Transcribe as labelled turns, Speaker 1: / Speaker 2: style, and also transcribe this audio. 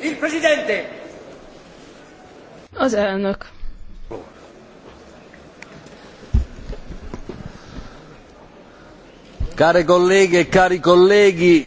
Speaker 1: Il
Speaker 2: Presidente!
Speaker 1: Az elnök.
Speaker 3: Care colleghe e cari colleghi!